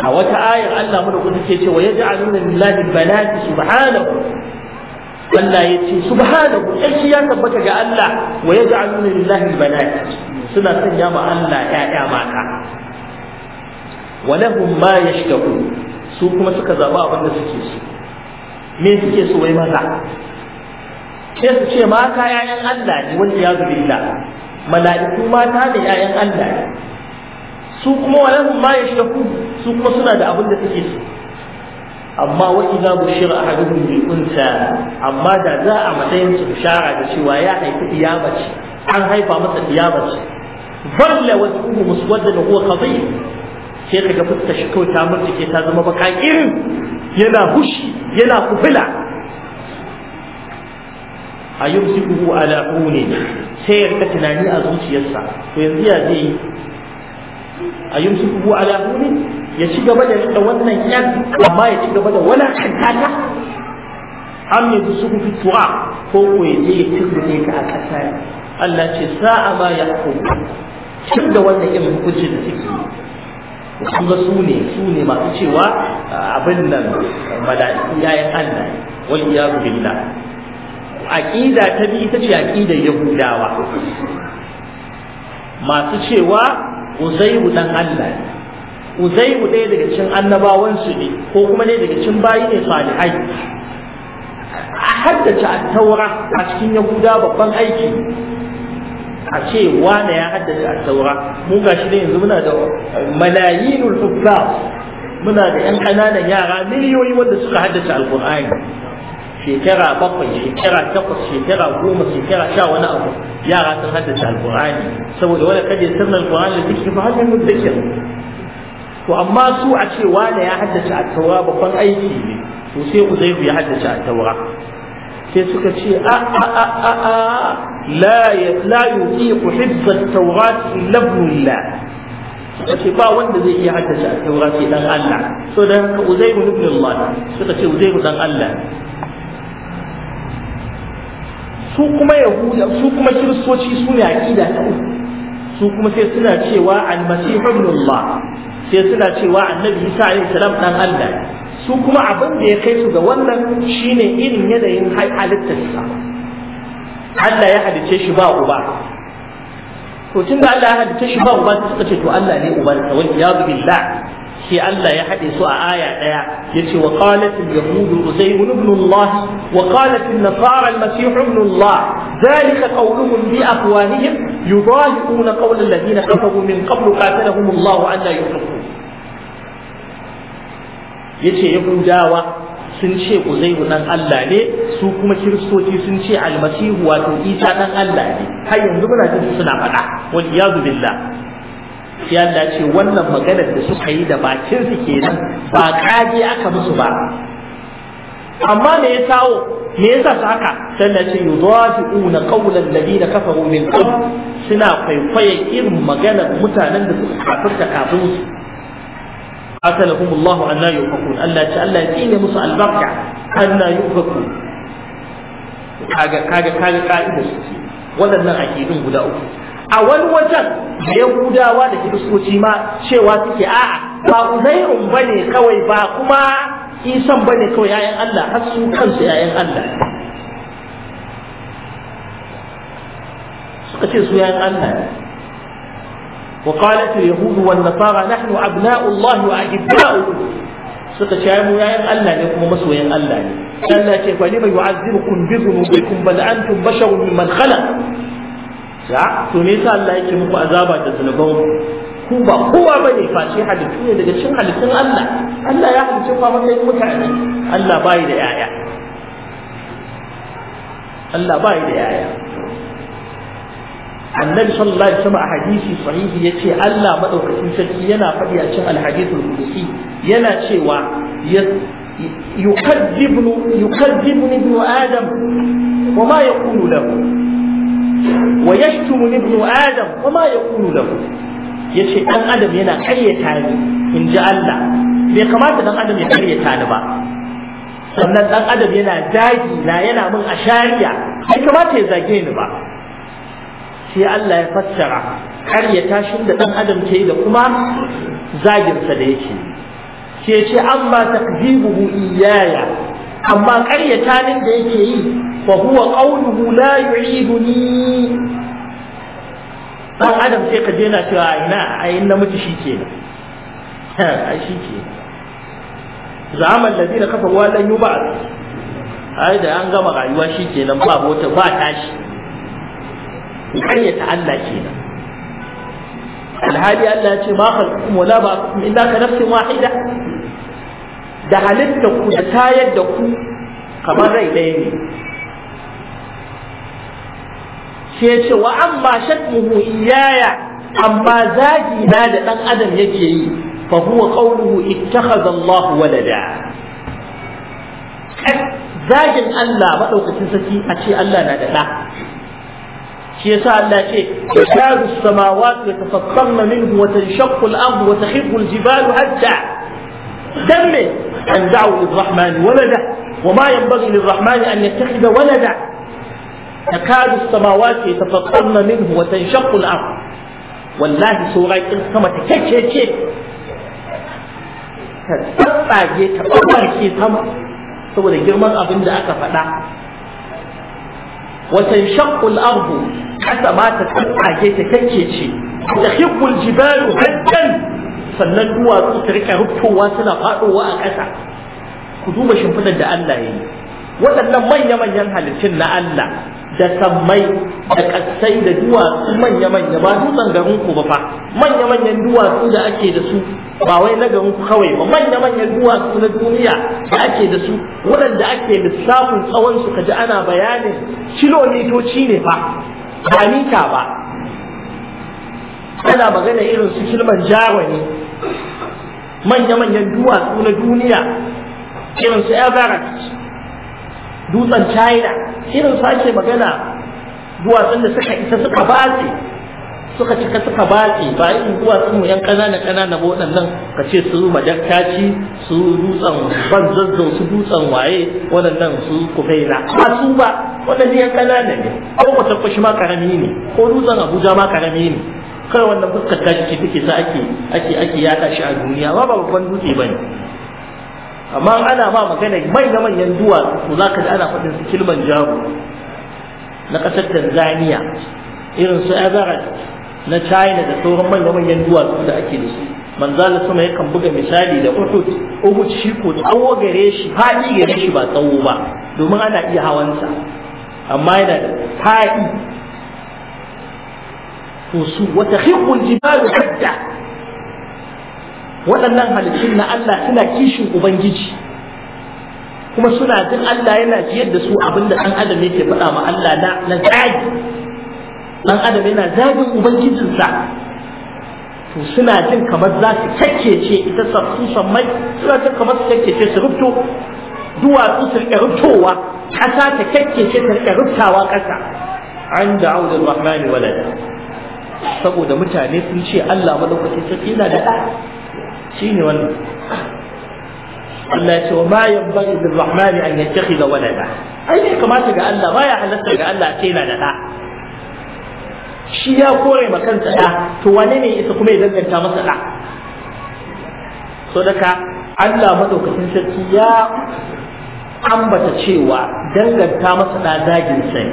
a wata ayar Allah mu da kuma ce ya cewa yaj'aluna lillahi banati subhanahu Allah ya ce subhanahu sai ya tabbata ga Allah wa yaj'aluna lillahi banati suna sanya ma Allah ƴaƴa mata wa lahum ma yashtahu su kuma suka zaba abin da suke so me suke so wai maza sai su ce mata ‘ya'yan Allah ne wanda ya zubi da mala'iku mata ne ‘ya'yan Allah ne su kuma walahum ma ya shaku su kuma suna da abin da suke so amma wa idza a ahaduhum bil unsa amma da za a matsayin su bishara da cewa ya haifi kiyamace an haifa masa kiyamace balla wa wadda da huwa qadid sai kaga fuskar shi kawai ta ke ta zama baka irin yana hushi yana kufila a yumsikuhu ala hune sai ya rika tunani a zuciyarsa to yanzu ya je a yumsikuhu ala hune ya ci gaba da rika wannan yan amma ya ci gaba da walakanta ta am yumsikuhu fi tu'a ko ko ya je ya tirne ta a ƙasa Allah ce sa'a ma ya hukumu cin da wannan yan hukuncin da suke kun ga su ne su ne masu cewa abin nan mala'iku yayin Allah wal iyyazu billah aƙida ta biyu ita ce aqidar yahudawa masu cewa uzairu dan Allah uzairu ɗaya daga cikin annabawansu ne ko kuma ɗaya daga cikin bayi ne salihai a haddace a taura a cikin yahudawa babban aiki a ce wane ya haddace a mu gashi ne yanzu muna da eh, malayinul hufaz muna da yan ƙananan yara miliyoyi wanda suka haddace alqur'ani shekara bakwai shekara takwas shekara goma shekara sha wani abu yara sun haddace alkur'ani saboda wani kaje ya sirna alkur'ani da zikir ba hanyar mudzakir to amma su a ce wani ya haddace a taura babban aiki ne to sai uzairu ya haddace a taura sai suka ce a a a a a la ya la yuqiqu hifdha at-tawrat illa billah suka ce ba wanda zai iya haddace a taura sai dan Allah so dan Uzairu ibn Allah suka ce Uzairu dan Allah su kuma yahuda su kuma kiristoci su ne aqida ta uku su kuma sai suna cewa al-masihu ibnullah sai suna cewa annabi isa alaihi salam dan Allah su kuma abin da ya kai su ga wannan shine irin yanayin halittarsa Allah ya halice shi ba uba to tunda Allah ya halice shi ba uba suka ce to Allah ne uban sa wal iyadu billah sai Allah ya haɗe su a aya ɗaya yace wa qalat al yahud usayb ibn Allah wa qalat nasara al masih ibn Allah zalika qawluhum bi afwahihim yudahiquna qawl alladhina kafaru min qabl qatalahum Allah an la yuflihu yace yahudawa sun ce uzairu nan Allah ne su kuma kiristoci sun ce almasihu wato isa nan Allah ne har yanzu muna jin suna faɗa wal iyadu billah sai ce wannan maganar da suka yi da bakin su kenan ba kage aka musu ba amma me ya sawo me yasa su haka sai Allah ce yudafi'una qawlan ladina kafaru min qabl suna kwaikwayon irin maganar mutanen da suka kafirta kafin su atalahumullahu anna yufakun Allah ce Allah ya tsine musu albarka anna yufakun kaga kaga kaga ka'idar su ce waɗannan aƙidun guda uku a wani wajen da yahudawa da kiristoci ma cewa suke a'a ba uzairun bane kawai ba kuma isan bane kawai yayan Allah har su kansu yayan Allah suka ce su yayan Allah وقالت اليهود والنصارى نحن أبناء الله وأحباؤه suka ce mu Allah ne kuma masoyan Allah ne Allah ce fa lima yu'azzibukum bi ya to me yasa Allah yake muku azaba da zunuban ku ba kowa ne face halittu ne daga cikin halittun Allah Allah ya halicce fa maka mutane Allah bai da yaya Allah bai da yaya annabi sallallahu alaihi wasallam a hadisi sahihi yace Allah madaukakin sarki yana faɗi a cikin alhadithul qudsi yana cewa yukaddibnu yukaddibni ibnu adam wa ma yaqulu lahu wa yashtumu ibnu adam wa ma yaqulu lahu yace dan adam yana karyata ni in ji Allah bai kamata dan adam ya karyata ni ba sannan dan adam yana dagi na yana min ashariya bai kamata ya zage ni ba sai Allah ya fassara karyata shi da dan adam ke da kuma zaginsa da yake sai ce amma takzibuhu iyaya amma karyata ni da yake yi fa huwa qawluhu la yu'iduni dan adam sai ka daina je na cewa ina ai in namiji shikenan ai shikenan zama alladina kafaru wa lan yub'ath ai da an gama rayuwa shikenan ba mota ba tashi Ya karyata Allah kenan alhali Allah ya ce ma khalqukum wala ba ba'athukum illa ka nafsin wahida da halitta ku da tayar da ku kamar rai ɗaya ne sai ce wa amma shatmuhu iyaya amma zagi na da dan adam yake yi fa huwa qawluhu ittakhadha Allah walada zagin Allah madaukakin saki a ce Allah na da da shi yasa Allah ce yakadu samawati yatafattarna minhu wa tanshaqqu al-ardu wa tahibbu al-jibalu hatta dan me an da'u lir-rahmani walada وما ينبغي للرحمن أن يتخذ ولدا takadu samawati yatafattarna minhu wa tanshaqqu wallahi saura sama ta kekece ta tsatsage ta barke sama saboda girman abin da aka faɗa wa tanshaqqu al-ard kasa ma ta tsatsage ta kekece ta hibbul jibalu haddan sannan duwatsu ta rika rubtowa suna faɗowa a ƙasa ku duba shimfiɗar da Allah ya yi waɗannan manya-manyan halittun na Allah da sammai da kasai da duwatsu manya-manya ba dutsen garin ku ba fa manya-manyan duwatsu da ake da su ba wai na garin ku kawai ba manya-manyan duwatsu na duniya da ake da su waɗanda ake lissafin tsawon su kaji ana bayanin kilomitoci ne fa ba mita ba ana magana irin su kilman ne manya-manyan duwatsu na duniya irin su everest dutsen china irin su ake magana duwatsun da suka isa suka batse suka cika suka batse ba irin duwatsun mu yan ƙanana ƙanana ba waɗannan ka ce su madarkaci su dutsen ban zazzau su dutsen waye waɗannan su kufaina. ba su ba waɗannan yan ƙanana ne ko kwatakwashi ma karami ne ko dutsen abuja ma karami ne kai wannan fuskar ta ce take sa ake ake ake shi a duniya ba ba babban dutse ba ne amma ana ba magana manya manyan duwatsu to zaka ji ana faɗin su kilman jago na ƙasar Tanzania irin su Everest na China da sauran manya manyan duwatsu da ake da su manzala sama yakan buga misali da Uhud Uhud shi ko tsawo gare shi faɗi gare shi ba tsawo ba domin ana iya hawansa amma yana da faɗi to su wata hibbul jibalu hadda waɗannan halittun na Allah suna kishin ubangiji kuma suna jin Allah yana jiyar da su abinda ɗan adam yake faɗa ma Allah na na zagi ɗan adam yana zagin ubangijinsa to suna jin kamar za su kakkece ita su mai, suna jin kamar su kakkece su rubto duwatsu su riƙa rubtowa ƙasa ta kakkece ta riƙa rubtawa ƙasa an da audin rahmani walada saboda mutane sun ce Allah madaukakin sarki yana da ɗa shine wannan Allah ya ce wa ma yanbaghi lirrahmani an yattakhidha walada ai bai kamata ga Allah baya halatta ga Allah ce yana da da shi ya kore ma kansa da to wane ne isa kuma ya danganta masa da so daga Allah madaukakin sarki ya ambata cewa danganta masa da zagin sai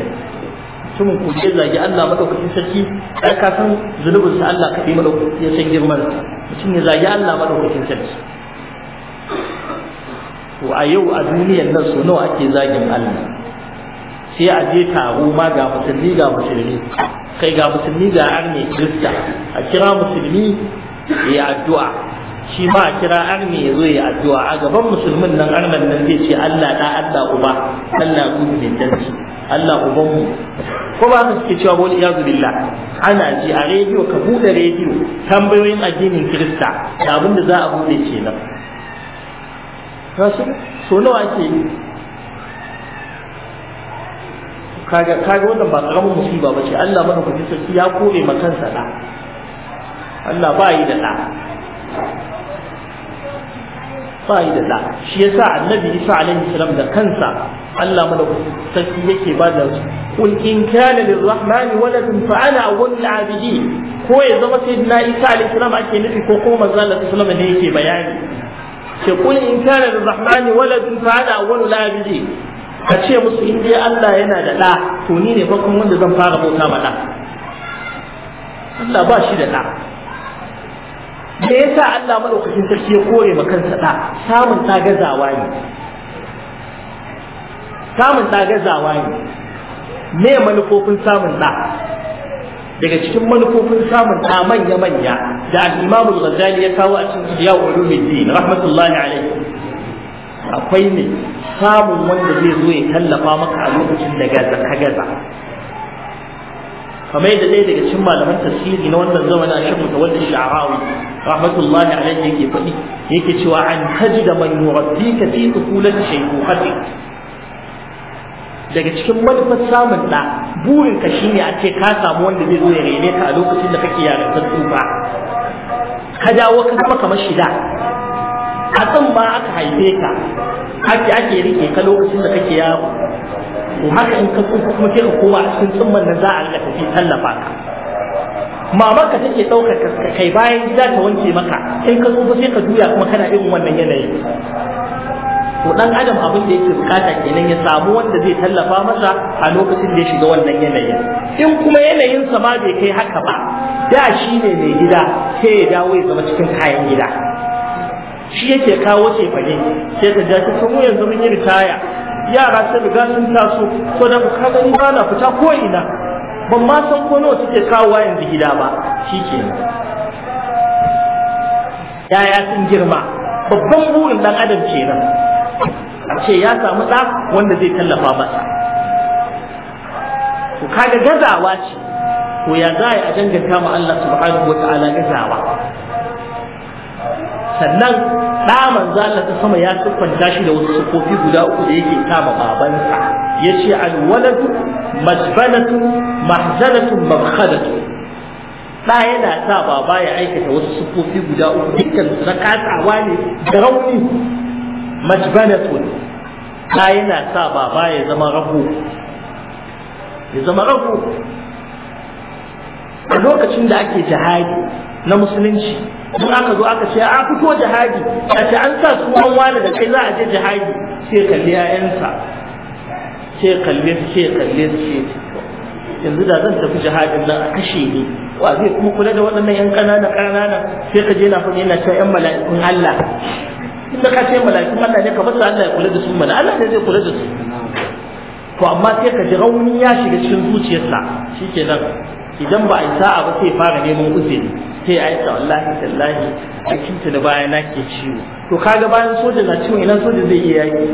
mutumin kuke zagi Allah madaukakin sarki ai ka san zunubinsa Allah kadai madaukakin ya san girman sa mutum ya zagi Allah madaukakin sarki to a yau a duniyar nan so nawa ake zagin Allah sai a je taro ma ga musulmi ga musulmi kai ga musulmi ga arne kirista a kira musulmi ya addu'a shi ma a kira arni ya zo ya addu'a a gaban musulmin nan arnan nan zai ce Allah da Allah uba Allah ruhu mai tanci Allah uban mu ko ba su suke cewa wani iyazu billah ana ji a rediyo ka bude rediyo tambayoyin addinin kirista da abin da za a bude kenan kasu so nawa ake kaga kaga wannan ba karamin musiba ce Allah ji sarki ya kore ma kansa da Allah ba yi da da ba yi da da shi yasa annabi isa alaihi salam da kansa Allah madaukakin sarki yake ba da kul in kana lirrahmani waladun fa ana awwalul abidin ko ya zama sayyidina isa alaihi salam ake nufi ko kuma manzo Allah sallallahu alaihi ne yake bayani ce kul in kana lirrahmani waladun fa ana awwalul abidin ka ce musu in dai Allah yana da da to ni ne farkon wanda zan fara bauta ma da Allah ba shi da da me yasa Allah madaukakin sarki ya kore ma kansa da samun ta gazawa ne samun ta gazawa ne me manufofin samun da daga cikin manufofin samun da manya manya da al-Imam al ya kawo a cikin Ihya Ulumuddin rahmatullahi alayhi akwai ne samun wanda zai zo ya tallafa maka a lokacin da gaza ka gaza kamar yadda ɗaya daga cikin malaman tasiri na wannan zamanin a shan mutawalli sha'awi rahmatullahi alaihi yake faɗi yake cewa an da man ka fi tukulati shaykhukhati daga cikin manufar samun ɗa burin ka shine a ce ka samu wanda zai zo ya rene ka a lokacin da kake yarantar tsufa ka dawo ka zama kamar shida a tsan ba aka haife ka ake ake rike ka lokacin da kake yaro to haka in ka tsufa kuma sai ka koma a cikin tsumman nan za a ga tafi tallafa ka mama ka take ɗaukar kai bayan gida ta wanke maka in ka tsufa sai ka duya kuma kana irin wannan yanayi to dan adam abin da yake bukata kenan ya samu wanda zai tallafa masa a lokacin da ya shiga wannan yanayin in kuma yanayin sa ma bai kai haka ba da shi ne mai gida sai ya dawo ya zama cikin kayan gida shi yake kawo cefane sai ka ja ta mu yanzu mun yi ritaya yara sun riga sun taso so da ka gani ba na fita ko ina ban ma san ko nawa suke kawowa yanzu gida ba shikenan yaya sun girma babban burin dan adam kenan a ce ya samu ɗa wanda zai tallafa masa to kaga gazawa ce to ya zai a danganta ma Allah subhanahu wa ta'ala gazawa sannan ɗa manzo Allah ta sama ya siffanta shi da wasu kofi guda uku da yake kama babansa yace alwaladu majbanatu mahzanatu mabkhadatu ɗa yana sa baba ya aikata wasu sufofi guda uku dukkan su na katsawa ne da rauni majbanatu ɗa yana sa baba ya zama rago ya zama rago a lokacin da ake jihadi na musulunci in aka zo aka ce an fito jihadi a ce an sa an wani da kai za a je jihadi sai kalli yayansa sai kalle su sai kalle su sai yanzu da zan tafi jihadin nan a kashe ni wa zai kuma kula da waɗannan yan ƙanana ƙanana sai ka je na fa yana ta yan mala'ikun Allah in da ka ce mala'ikun Allah ne ka bar Allah ya kula da su mana Allah ne zai kula da su to amma sai ka ji rauni ya shiga cikin zuciyarsa shikenan idan ba a yi sa'a ba sai fara neman uzuri sai a yi ta wallahi tallahi a kinta da baya na ke ciwo to kaga bayan soja na ciwo ina soja zai iya yaki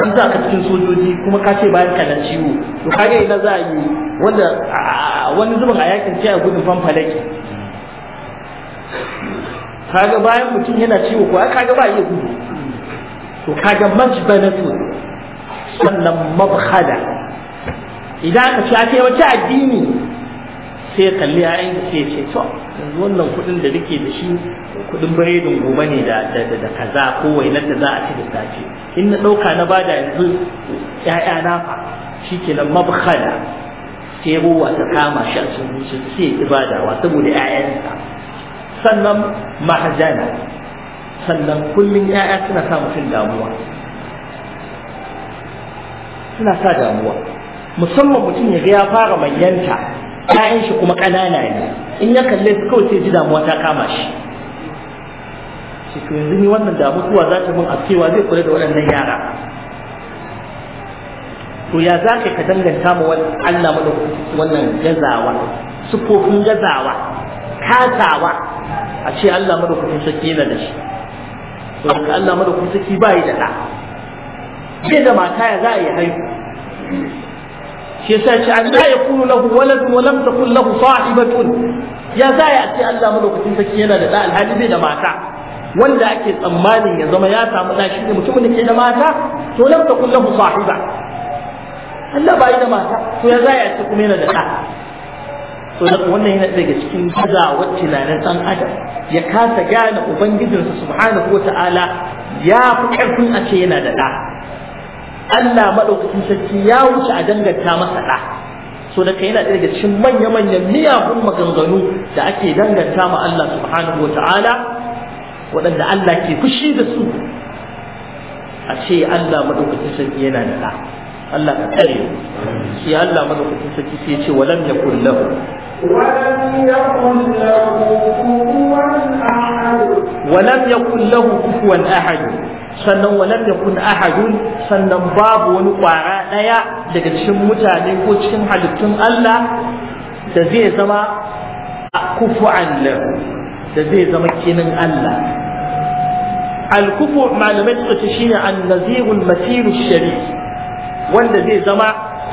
an sa ka cikin sojoji kuma ka ce bayan ka na ciwo to kaga ina za a yi wanda wani zubin a yakin sai a gudun fanfalaki kaga bayan mutum yana ciwo ko kaga ba iya gudu to kaga benefit sannan mabkhada idan aka a kai wata addini sai ya kalli yayin da sai ya ce to yanzu wannan kuɗin da nake da shi kuɗin biredin gobe ne da da kaza ko wainar da za a ci da safe in na ɗauka na bada yanzu ya'ya na fa shikenan mabkhala sai ruwa ta kama shi a cikin zuciya sai ya ibadawa saboda ƴaƴansa sannan mahajana sannan kullum ƴaƴa suna sa mutum damuwa suna sa damuwa musamman mutum ya ga ya fara manyanta ƴaƴan shi kuma ƙanana ne in ya kalle su kawai sai ji damuwa ta kama shi shi to yanzu ni wannan da mutuwa za ta mun askewa zai kula da waɗannan yara to ya za ka ka danganta ma Allah madaukakin wannan gazawa sufofin gazawa katawa? a ce Allah madaukakin sarki yana da shi to Allah madaukakin sarki ba yi da ɗa bai da mata ya za a yi haihu shi yasa ce an ya yakunu lahu waladun wa lam takun lahu sahibatun ya za ya ce Allah madaukakin sarki yana da da alhaji bai da mata wanda ake tsammanin ya zama ya samu da shi ne mutumin da ke da mata to lam takun lahu sahiba Allah bai da mata to ya za ya ce kuma yana da da to wannan yana daga cikin gazawar tunanin dan adam ya kasa gane ubangijinsa subhanahu wa ta'ala ya fi karfin a ce yana da da Allah maɗaukacin sarki ya wuce a danganta masa ɗa so da yana ɗaya daga cikin manya-manyan miyagun maganganu da ake danganta ma Allah subhanahu wa ta'ala waɗanda Allah ke fushi da su a ce Allah maɗaukacin sarki yana da ɗa Allah ka kare shi Allah maɗaukacin sarki sai ce walam yakul lahu ولم يكن له كفوا أحد ولم يكن له كفوا أحد sannan walam yakun ahadun sannan babu wani kwara daya daga cikin mutane ko cikin halittun Allah da zai zama kufu Allah da zai zama kinin Allah al-kufu malamai suka ce shine an-nazirul masirul shari wanda zai zama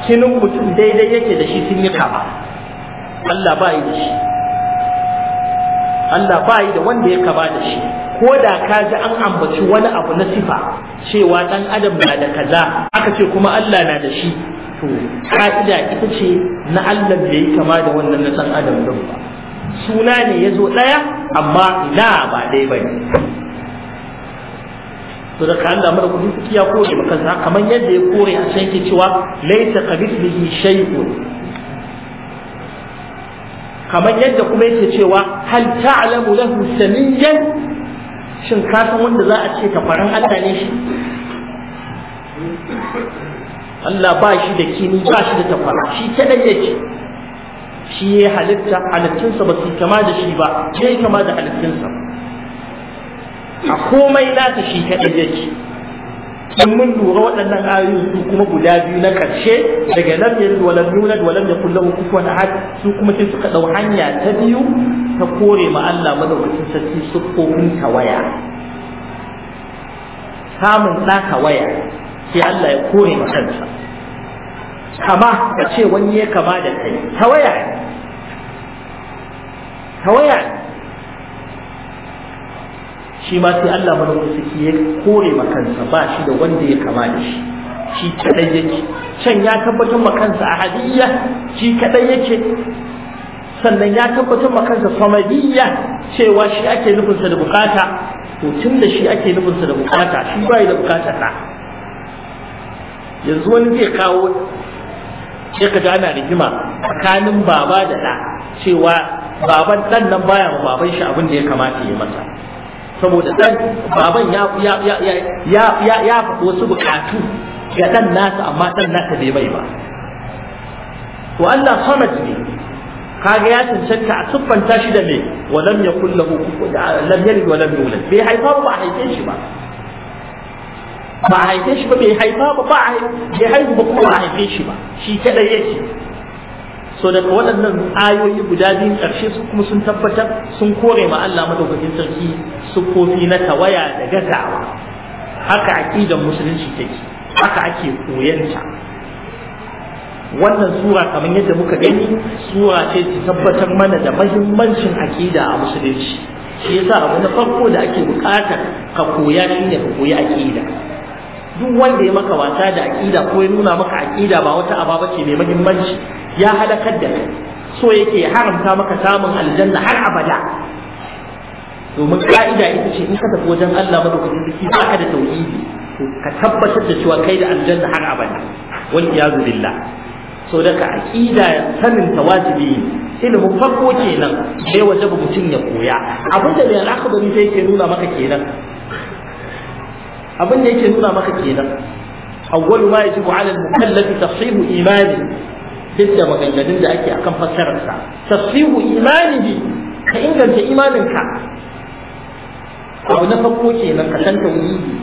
kinin mutum daidai yake da shi sun yi kama Allah ba yi da shi Allah ba yi da wanda ya kaba da shi ko da ka ji an ambaci wani abu na sifa cewa ɗan adam na da kaza aka ce kuma Allah na da shi to ka'ida ita ce na Allah bai kama da wannan na ɗan adam din ba suna ne ya zo ɗaya amma na ba dai ba ne to da kan da mara kudin ya kore ba sa kamar yadda ya kore a can ke cewa laisa qabithlihi shay'un kamar yadda kuma yake cewa hal ta'lamu lahu samiyan shin ka san wanda za a ce kafarin Allah ne shi Allah ba shi da kini ba shi da tafara shi kaɗan yake shi ya halitta halittinsa ba su kama da shi ba ya kama da halittinsa a komai nata shi kaɗan yake in mun lura waɗannan ayoyin su kuma guda biyu na ƙarshe daga lam yalid wa lam yulad wa lam yakul lahu kufuwan ahad su kuma sai suka ɗau hanya ta biyu ta kore ma Allah madaukakin sarki ta waya. samun ɗa waya sai Allah ya kore ma kansa kama ka ce wani ya kama da kai tawaya tawaya shi ma sai Allah madaukakin ya kore makansa ba shi da wanda ya kama da shi shi kadai yake can ya tabbatar makansa hadiyya shi kadai yake sannan ya tabbatar makansa samadiyya cewa shi ake nufinsa da bukata to tun da shi ake nufinsa da bukata shi bai da bukata ta yanzu wani zai kawo sai ka ji ana rigima tsakanin baba da da cewa baban dan nan baya ma baban shi abin da ya kamata ya yi masa saboda dan baban ya ya ya ya ya ya wasu bukatu ga dan nasa amma dan nasa bai bai ba to Allah samad ne kaga ya cancanta a tuffanta shi da me wa lam yakul lahu lam yalid wa lam yulad bai haifa ba haife shi ba ba haife shi ba bai haifa ba ba haife shi ba kuma haife shi ba shi kadai yake so daga waɗannan ayoyi guda biyu ƙarshe su kuma sun tabbatar sun kore ma Allah madaukakin sarki kofi na tawaya da gazawa haka aqidan musulunci take haka ake koyanta wannan sura kamar yadda muka gani sura ce ta tabbatar mana da mahimmancin aqida a musulunci shi yasa abu na farko da ake buƙatar ka koya shine ka koyi aqida duk wanda ya maka wasa da aƙida ko ya nuna maka aƙida ba wata aba bace mai muhimmanci ya halakar da kai so yake haramta maka samun aljanna har abada domin ka'ida ita ce in ka tafi wajen Allah madaukakin sarki ba ka da tauhidi to ka tabbatar da cewa kai da aljanna har abada wal iyazu billah so da ka aqida sanin tawajibi ilimin farko kenan sai waje mutum ya koya abin da mai alakabari sai ke nuna maka kenan abin da yake nuna maka kenan awwalu ma yajibu ala al mukallaf tasihu imani duk da maganganun da ake akan fassararsa tasihu imanihi ka inganta imaninka abu na farko kenan ka san tauhidi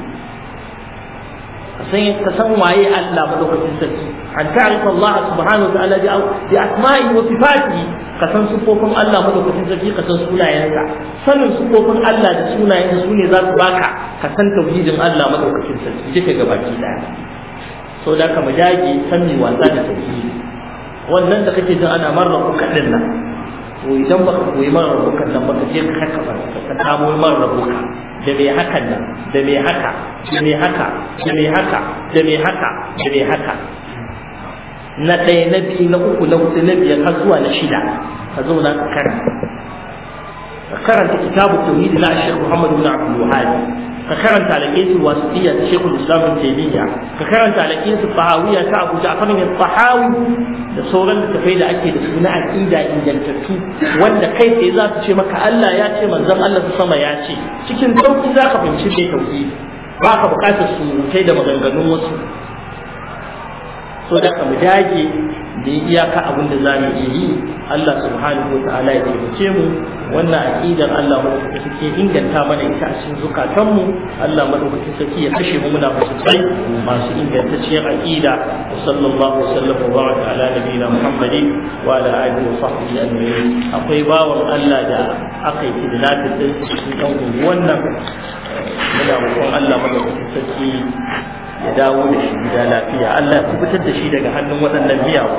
sai ka san waye Allah madaukakin sarki an ta'rifa Allah subhanahu wa ta'ala bi asma'i wa sifati ka san sufofin Allah madaukakin sarki ka san sunayensa sanin sufofin Allah da sunayensa sune za su baka ka san tauhidin Allah madaukakin sarki duka gabaki daya so da ka majagi san mi wasa da tauhidi wannan da kake jin ana marra ku kadin nan to idan baka koyi marra ku kadin baka je ka kafa ka samu marra ku kadin da mai hakan nan da mai haka da mai haka da mai haka da mai haka da mai haka na ɗaya na biyu na uku na hudu na biyar har zuwa na shida ka zauna ka karanta karanta kitabu tauhid na shi Muhammadu bin Abdul Wahhab ka karanta alƙisul wasitiyya ta shekul islam ibn ka karanta alƙisul bahawiya ta abu ja'far bin fahawi da sauran littattafai da ake da suna aqida ingantattu wanda kai tsaye za su ce maka Allah ya ce manzon Allah ta sama ya ce cikin sauki za ka fahimci mai tauhidi ba ka buƙatar surutai da maganganun wasu so da ka mu dage da iyaka abin da zamu iya yi Allah subhanahu wa ta'ala ya taimake mu wannan aqidar Allah madaukakin sarki inganta mana ita a cikin zukatan mu Allah madaukakin sarki ya kashe mu muna musulmai masu ingantacciyar aqida wa sallallahu sallam wa baraka ala nabiyina Muhammadin wa ala alihi wa sahbihi ajma'in akwai bawan Allah da aka yi kidnapping din cikin dan wannan muna roƙon Allah madaukakin sarki ya dawo da shi gida lafiya Allah ya fitar da shi daga hannun waɗannan miyawu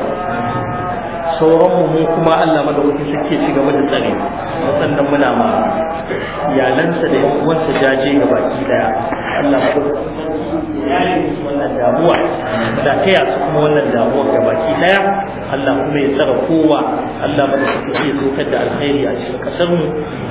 sauran mu mu kuma Allah madawaki suke ci gaba da tsare sannan muna ma iyalansa da uwansa jaje ga baki daya Allah madawaki wannan damuwa da taya su kuma wannan damuwa ga baki daya Allah kuma ya tsara kowa Allah madawaki ya dokar da alkhairi a cikin kasar mu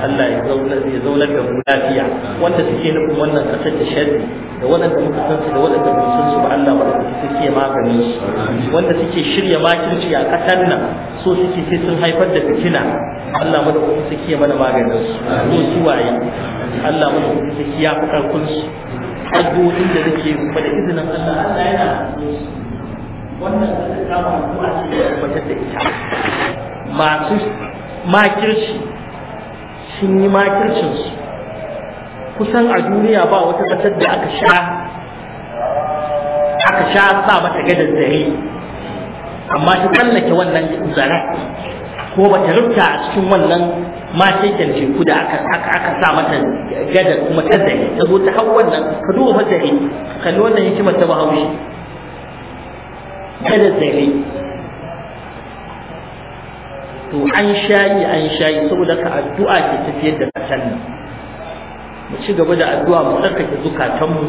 Allah ya zauna ya zauna da mu lafiya wanda suke nufin wannan kasar da sharri da waɗanda muka san su da waɗanda ba san su ba Allah ba da suke su. wanda suke shirya makirci a ƙasar nan so suke sai sun haifar da fitina Allah mu da kuma suke mana maganin su ko suwaye Allah mu da kuma suke ya fi karfin su addu'o'in da nake ba da izinin Allah Allah yana wannan da ta kama addu'a ce cikin tabbatar da ita masu makirci sun yi su. kusan a duniya ba wata ƙasar da aka sha aka sha sa mata gadon zare amma ta tsallake wannan zaren ko ba ta rubuta a cikin wannan matakin teku da aka sa mata gada kuma ta zare ta zo ta hau wannan ka duba fa zare kalli wannan mata ba haushi gada zare to an shayi an shayi saboda ka addu'a ke tafiyar da kasar nan mu ci gaba da addu'a mu tsarkake zukatanmu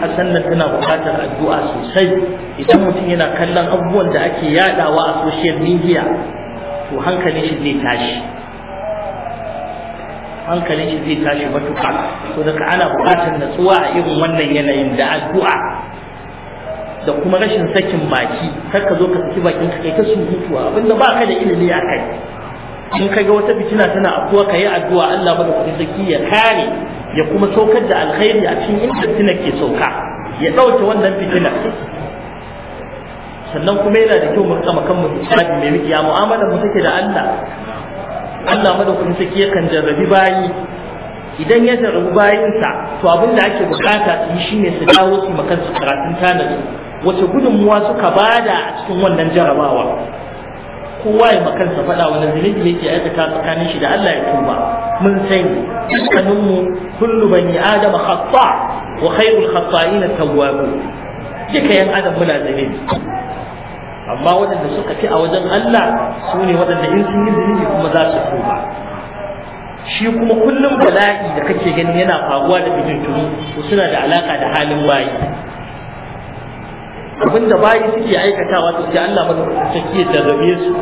ƙasar nan tana buƙatar addu'a sosai idan mutum yana kallon abubuwan da ake yaɗawa a social media to hankalin shi zai tashi hankalin shi zai tashi matuƙa to daga ana buƙatar natsuwa a irin wannan yanayin da addu'a da kuma rashin sakin baki kar ka zo ka saki bakin ka kai ta surutuwa abinda ba ka da ilimi a kai in ka ga wata fitina tana afkuwa ka yi addu'a Allah ba da kuɗi zaki ya kare ya kuma saukar da alkhairi a cikin inda fitina ke sauka ya ɗauke wannan fitina sannan kuma yana da kyau mu kama kanmu hisabi mai miki ya mu'amala mu take da Allah Allah madaukakin sarki yakan jarrabi bayi idan ya jarrabi bayinsa to abin da ake bukata su yi shine su dawo su makan karatun tanadi wace gudunmuwa suka bada a cikin wannan jarrabawa kowa ya makansa faɗa wani zunubi yake aikata tsakanin shi da Allah ya tuba mun sani dukkanin mu kullu bani adama khata wa khairul khata'ina tawwabu duka yan adam muna zunubi amma waɗanda suka fi a wajen Allah su ne waɗanda in sun yi zunubi kuma za su tuba shi kuma kullum bala'i da kake gani yana faruwa da bijintunu suna da alaka da halin bayi abinda bayi suke aikatawa to sai Allah madaukaki ya jarrabe su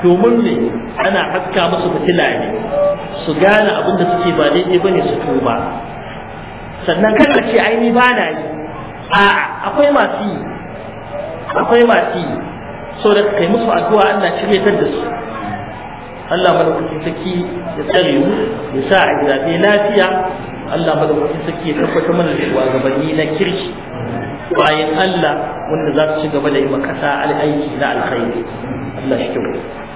domin me ana haska musu fitila ne su gane abinda suke ba daidai bane su tuba sannan kada ce ai ni ba na yi a'a akwai masu yi akwai masu yi so da kai musu addu'a Allah cire ta da su Allah madaukakin saki ya tsare mu ya sa a gidaje lafiya Allah madaukakin saki ya tabbatar mana da shugabanni na kirki bayan Allah wanda za su ci gaba da yi makasa al'aiki na alkhairi Allah shi